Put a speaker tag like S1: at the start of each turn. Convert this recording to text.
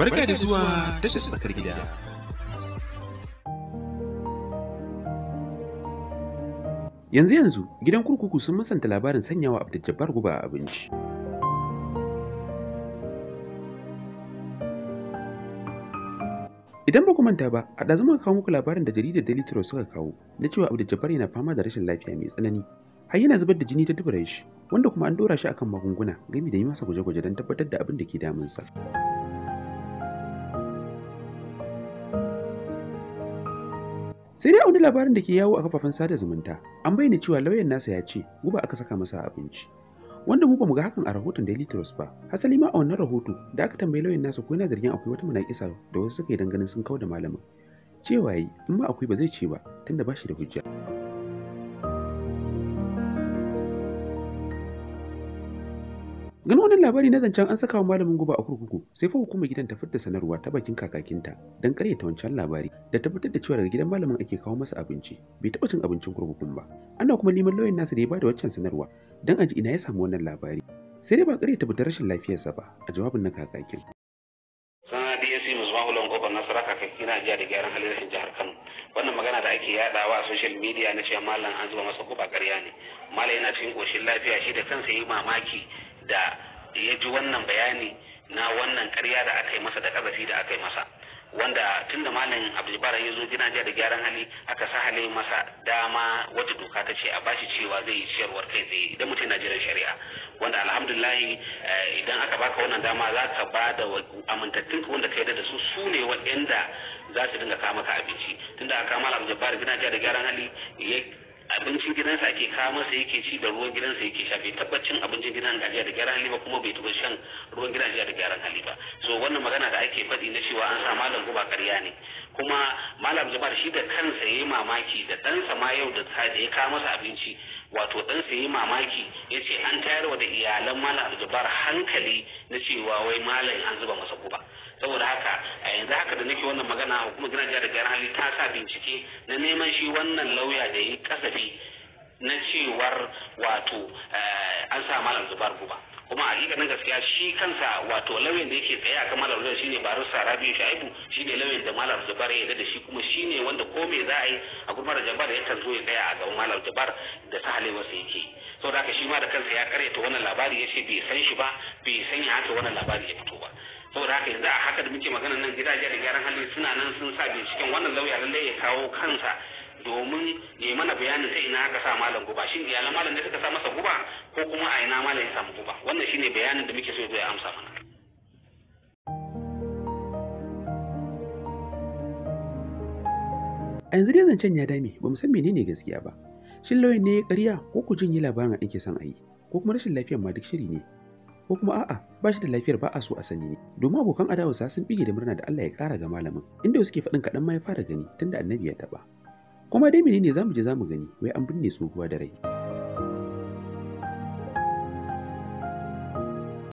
S1: Barka da zuwa tashar tsakar gida. Yanzu yanzu gidan kurkuku sun musanta labarin sanyawa Abdul Jabbar guba a abinci. Idan ba ku manta ba, a ɗazu muka kawo muku labarin da jaridar Daily Trust suka kawo na cewa Abdul Jabbar yana fama da rashin lafiya mai tsanani. Har yana zubar da jini ta dubura shi, wanda kuma an dora shi akan magunguna gami da yi masa gwaje-gwaje don tabbatar da abin da ke damunsa. sai dai a wani labarin da ke yawo a kafafen sada zumunta an bayyana cewa lauyan nasa ya ce guba aka saka masa abinci wanda mu bamu ga hakan a rahoton Daily Trust ba hasali ma a wannan rahoto da aka tambayi lauyan nasa ko yana zargin akwai wata munakisa da wasu suka yi dangane sun kawo da malamin cewa yi in ma akwai ba zai ce ba tunda ba shi da hujja Ganin wannan labari na zancen an saka wa malamin guba a kurkuku sai fa hukumar gidan ta fitar da sanarwa ta bakin kakakinta don ta wancan labari da tabbatar da cewa daga gidan malamin ake kawo masa abinci bai taɓa cin abincin kurkukun ba. Ana kuma neman lauyan nasa da ya bada waccan sanarwa don a ji ina ya samu wannan labari. Sai dai ba ta fitar rashin lafiyarsa ba a jawabin na kakakin.
S2: yana jiya da gyaran halin rashin jihar Kano wannan magana da ake yadawa a social media na cewa mallam an zuba masa guba ƙarya ne malam yana cikin koshin lafiya shi da kansa yi mamaki da ya ji wannan bayani na wannan karya da aka yi masa da ƙazafi da aka yi masa wanda tun da malam abdulbar ya zo gina da gyaran hali aka sa hali masa dama wata doka ta ce a bashi cewa zai yi ciyarwar kai tsaye idan mutum na jiran shari'a wanda alhamdulillahi eh, idan aka baka wannan dama za ka ba da amintattun wanda ka yarda da su su ne waɗanda za su dinga kawo maka abinci tun da aka kama abdulbar gina da gyaran hali abincin gidansa ake kawo masa yake ci da ruwan gidansa yake sha bai tabbacin abincin gidan gajiya da gyaran hali ba kuma bai tuba shan ruwan gidan da gyaran hali ba so wannan magana da ake faɗi na cewa an sa malam guba ƙarya ne kuma malam jabar shi da kansa yayi mamaki da ɗansa ma yau da da ya kawo masa abinci wato ɗansa yayi mamaki ya ce an tayarwa da iyalan malam jabar hankali na cewa wai malam an zuba masa guba saboda haka a yanzu magana kuma gina jihar da gyara hali ta sa bincike na neman shi wannan lauya da yi kasafi na cewar wato eh, an sa malam zubar guba kuma a hakikanin gaskiya shi kansa wato lauyan da yake tsaye a kan malam zubar shine sarabi rabiu shaibu shine lauyan da malam zubar ya da shi kuma ne wanda ko me za a yi a gurbar jabar ya zo ya tsaya a gaban malam zubar da sahalewarsa yake saboda haka shi ma da kansa ya karyata wannan labari ya ce bai san shi ba bai san ya haka wannan labari ya fito ba saboda haka yanzu a haka da muke magana nan gidaje da gyaran hali suna nan sun sa binciken wannan lauya lallai ya kawo kansa domin ya mana bayanin ta ina aka sa malam guba shin la malam ne suka sa masa guba ko kuma a ina malam ya samu guba wannan shine bayanin da muke so ya amsa mana
S1: a yanzu dai zancen ya dame ba mu san menene gaskiya ba shin lauyan ne ya karya ko ku jin yi labarin ake son a yi ko kuma rashin lafiyar ma duk shiri ne ko kuma a'a ba shi da lafiyar ba a so a sani domin abokan adawarsa sun bige da murna da Allah ya ƙara ga malamin inda suke faɗin kaɗan ma ya fara gani tunda annabi ya taɓa kuma dai menene zamu je zamu gani wai an binne tsohuwa da rai